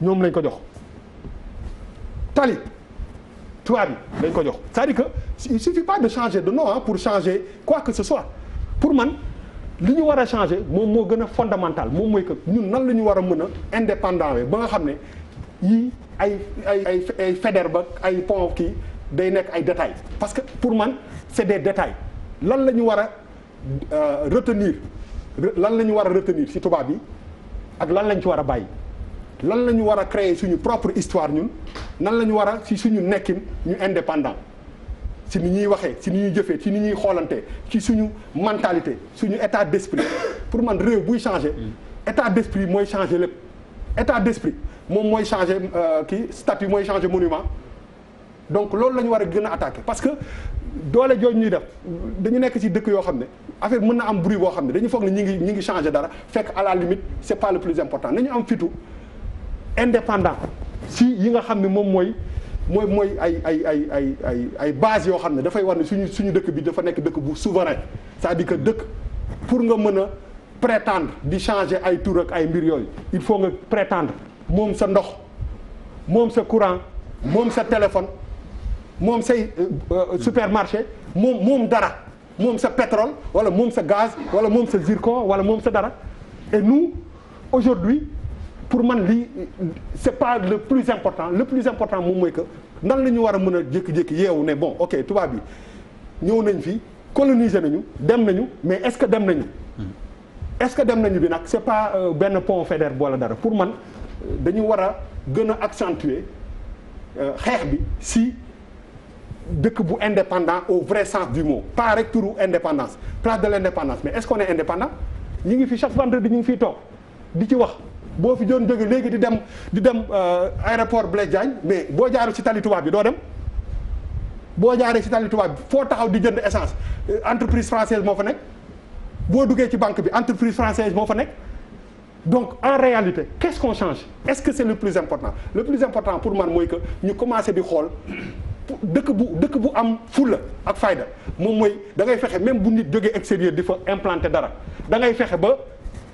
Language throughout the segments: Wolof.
ñoom lañ ko jox tali tubaab yi lañ ko jox cest à que il suffit pas de changer de nom hein, pour changer quoi que ce soit pour man li ñu war a changer moom moo gën a fondamental moom mooy que ñun nan la ñu war a mën a indépendant we ba nga xam ne yii ay ay ay ay fédère ba ay pont kii day nekk ay détails parce que pour man c'est des détails lan la ñu war a euh, retenir lan la ñu war a retenir ci tubaab yi ak lan lañ ci war a bàyyi lan la ñu war a créer suñu propre histoire ñun nan la ñu war a si suñu nekkin ñu indépendant si ni ñuy waxee si ni ñuy jëfee si ni ñuy xoolantee ci suñu mentalité suñu état d'esprit pour man réew buy changer mm. état d'esprit mooy changer lépp état d'esprit moom mooy changer euh, kii statut mooy changer monument donc loolu la ñu war gën a attaquer parce que doole jooju ñuy def dañu nekk ci dëkk yoo xam ne affaire mën na am bruit boo xam ne dañu foog ne ñi ngi ñi ngi changer dara fekk à la limite c'est pas important nañu am fitu indépendant si yi nga xam ni moom mooy mooy mooy ay ay ay ay ay ay base yoo xam ne dafay war ne suñu suñu dëkk bi dafa nekk dëkk bu souverain c'est-à-dire que dëkk pour nga mën a prétendre di changer ay tour ak ay mbir yooyu il faut nga prétendre moom sa ndox moom sa courant moom sa téléphone moom say euh, euh, supermarché moom moom dara moom sa pétrole wala moom sa gaz wala moom sa zircon wala moom sa dara et nous aujourd'hui pour man lii c'est pas le plus important le plus important moom mooy que nan la ñu war a mën a jékki-jékki yeewu ne bon ok tubaab bi ñëw nañ fi coloniser nañu dem nañu mais est-ce que dem nañu. Hmm. est-ce que dem nañu bi nag c'est pas euh, benn pont fédère boole dara pour man dañu war a gën a accentuer euh, xeex bi si dëkk bu indépendant au vrai sens du mot pas rek turu indépendance place de l'indépendance mais est-ce qu'on est indépendant ñu ngi fi chaque vendredi ñu ngi fiy di ci wax. boo fi doon jóge léegi di dem di dem euh, aéroport Blaise Diagne mais boo jaarul ci tali tubaab bi doo dem boo jaaree ci tali tubaab bi foo taxaw di jënd essence euh, entreprise française moo fa nekk boo duggee ci banque bi entreprise française moo fa nekk donc en réalité qu'est-ce qu'on change est-ce que c'est le plus important le plus important pour man mooy que ñu commencer bi xool dëkk bu dëkk bu am fulla ak fayda moom mooy da ngay fexe même bu nit jógee extérieur di fa implanter dara da ngay fexe ba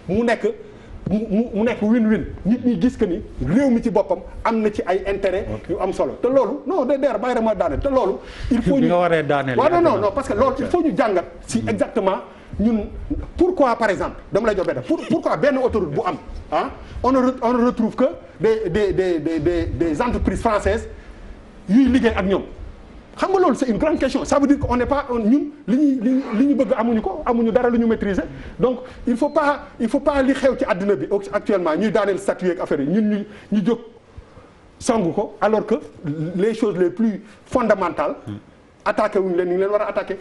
mu nekk mu mu nekk win-win nit ñi gis que ni réew mi ci boppam am na ci ay intérêt yu am solo te loolu non de der bàyyi dama daaneel te loolu. il faut ñu waaw non non non parce que loolu il faut ñu jàngat si hmm. exactement ñun quoi par exemple dama lay jox benn pour pourquoi benn autoroute bu am ah on on retrouve que des des des des des des entreprises françaises yuy liggéey ak ñoom. xam nga loolu c'est une grande question ça veut dire que on n'est pas ñun li ñuy ñu bëgg amuñu ko amuñu dara lu ñu maîtriser donc il faut pas il faut li xew ci àddina bi actuellement ñuy daaneel statut ak affaire yi ñun ñu ñu jóg songu ko alors que les choses les plus fondamentales hmm. attaqué wuñu leen ni ñu leen war a attaqué